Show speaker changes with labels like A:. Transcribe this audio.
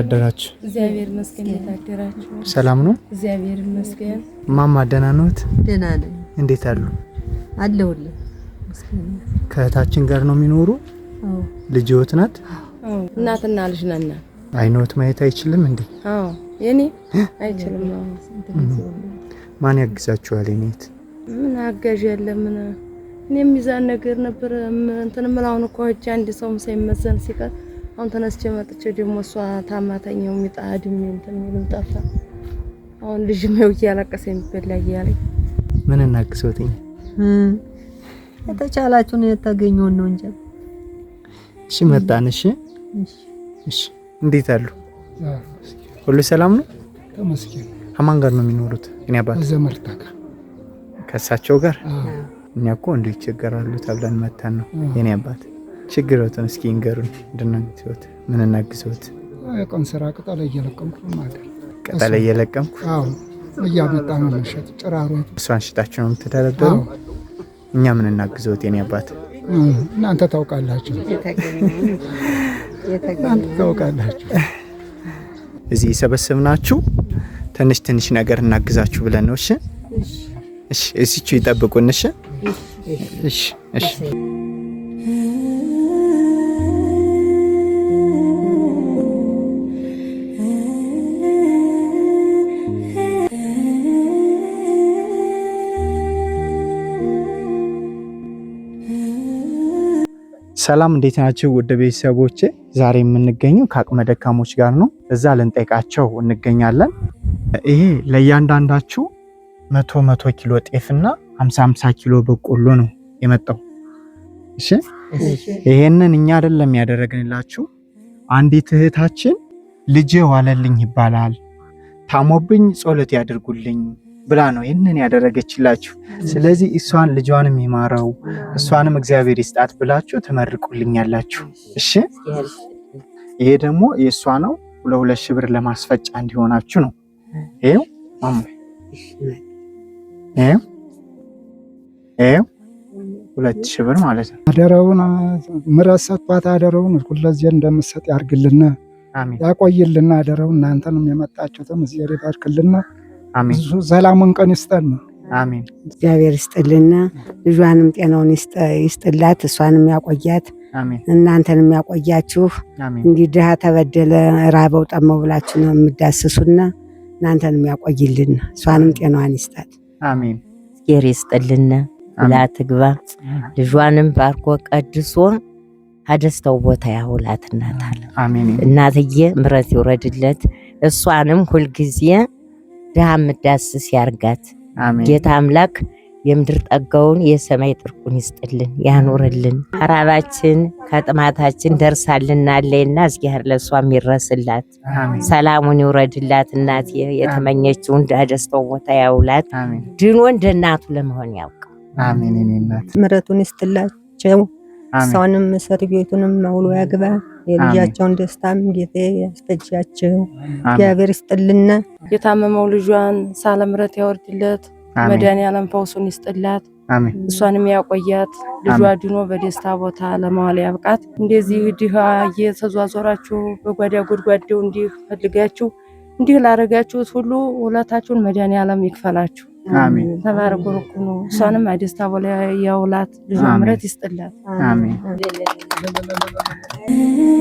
A: አደራችሁ?
B: እግዚአብሔር ይመስገን። እንዴት አደራችሁ? ሰላም ነው? እግዚአብሔር ይመስገን።
A: ማማ ደህና ነዎት? ደህና ነኝ። እንዴት አሉ? አለሁልህ። ከእህታችን ጋር ነው የሚኖሩ? አዎ። ልጅዎት ናት?
B: አዎ። እናትና ልጅ ነና።
A: አይኖት ማየት አይችልም እንዴ?
B: አዎ። የኔ አይችልም።
A: ማን ያግዛችኋል? የኔት
B: ምን አጋዥ የለም። ምን እኔ የሚዛን ነገር ነበር እንትን ምላውን እኮ አንድ ሰው ሳይመዘን ሲቀር አሁን ተነስቼ መጥቼ ደግሞ እሷ ታማተኛው የሚጣድ እንትን የሚሉን ጠፋ። አሁን ልጅ ነው እያለቀሰ የሚበላ እያለኝ
A: ምን እናግሰውትኝ?
B: የተቻላችሁን የተገኘውን ነው እንጂ።
A: እሺ መጣን። እሺ እሺ። እንዴት አሉ? ሁሉ ሰላም ነው? ተመስገን። አማን ጋር ነው የሚኖሩት? እኔ አባት ዘመርታ ከእሳቸው ጋር እኛ እኮ እንዲሁ ይቸገራሉ ተብለን መታን ነው የኔ አባት ችግሮትን እስኪ እንገሩን። እንድናግዝዎት ምን እናግዝዎት?
C: የቀን ስራ ቅጠል እየለቀምኩ ማደር
A: ቅጠል እየለቀምኩ
C: እያመጣ ነው መሸጥ። ጭራሮ
A: እሷን ሽጣችሁ ነው የምትተዳደሩ? እኛ ምን እናግዝዎት? የኔ አባት
C: እናንተ ታውቃላችሁ፣ እናንተ ታውቃላችሁ።
A: እዚህ የሰበሰብናችሁ ትንሽ ትንሽ ነገር እናግዛችሁ ብለን ነው። እሺ፣ እሺ፣ እሺ፣ ይጠብቁን። እሺ፣ እሺ፣ እሺ ሰላም እንዴት ናቸው? ውድ ቤተሰቦቼ፣ ዛሬ የምንገኘው ከአቅመ ደካሞች ጋር ነው። እዛ ልንጠይቃቸው እንገኛለን። ይሄ ለእያንዳንዳችሁ መቶ መቶ ኪሎ ጤፍና ሀምሳ ሀምሳ ኪሎ በቆሎ ነው የመጣው። እሺ፣ ይሄንን እኛ አይደለም ያደረግንላችሁ። አንዲት እህታችን ልጄ ዋለልኝ ይባላል ታሞብኝ ጸሎት ያድርጉልኝ ብላ ነው ይህንን ያደረገችላችሁ። ስለዚህ እሷን ልጇንም ይማረው እሷንም እግዚአብሔር ይስጣት ብላችሁ ትመርቁልኛላችሁ። እሺ፣ ይሄ ደግሞ የእሷ ነው። ለሁለት ሺህ ብር ለማስፈጫ እንዲሆናችሁ ነው። ይኸው ይኸው ይኸው ሁለት ሺህ ብር ማለት
C: ነው። አደረውን ምረት ሰጥቷት አደረውን ሁለዚህ እንደምሰጥ ያርግልና ያቆይልና አደረውን እናንተንም የመጣችሁትም እዚህ ባርክልና ሰላሙን ቀን ይስጠን።
A: አሜን።
B: እግዚአብሔር ይስጥልና ልጇንም ጤናውን ይስጥላት፣ እሷንም ያቆያት፣ እናንተንም ያቆያችሁ። እንዲህ ድሃ ተበደለ፣ ራበው፣ ጠመው ብላችሁ ነው የምዳስሱና እናንተንም ያቆይልን፣ እሷንም ጤናዋን ይስጣት። አሜን። እግዚአብሔር ይስጥልና ብላ ትግባ፣ ልጇንም ባርኮ ቀድሶ አደስተው ቦታ ያውላት። እናታል እናትዬ ምረት ይውረድለት፣ እሷንም ሁልጊዜ ድሃ ምዳስስ ያርጋት። ጌታ አምላክ የምድር ጠጋውን የሰማይ ጥርቁን ይስጥልን ያኑርልን። ሀራባችን ከጥማታችን ደርሳልና አለይና እግዚአብሔር ለእሷም ይድረስላት፣ ሰላሙን ይውረድላት። እናት የተመኘችውን ደስታው ቦታ ያውላት። ድኖ እንደ እናቱ ለመሆን ያውቃል። ምረቱን ይስጥላቸው። እሷንም እስር ቤቱንም መውሎ ያግባ። የልጃቸውን ደስታም ጌጤ ያስፈጃቸው። እግዚአብሔር ይስጥልና። የታመመው ልጇን ሳለምረት ያወርድለት። መድኃኒዓለም ፈውሱን ይስጥላት። እሷንም ያቆያት። ልጇ ድኖ በደስታ ቦታ ለመዋል ያብቃት። እንደዚህ ድሃ እየተዟዟራችሁ በጓዳ ጎድጓዳው እንዲህ ፈልጋችሁ እንዲህ ላደረጋችሁት ሁሉ ውለታችሁን መድኃኒዓለም ይክፈላችሁ። ተባረክ ርኩኑ እሷንም አደስታ በላ ያውላት ልጇ ምረት ይስጥላት።
A: አሜን።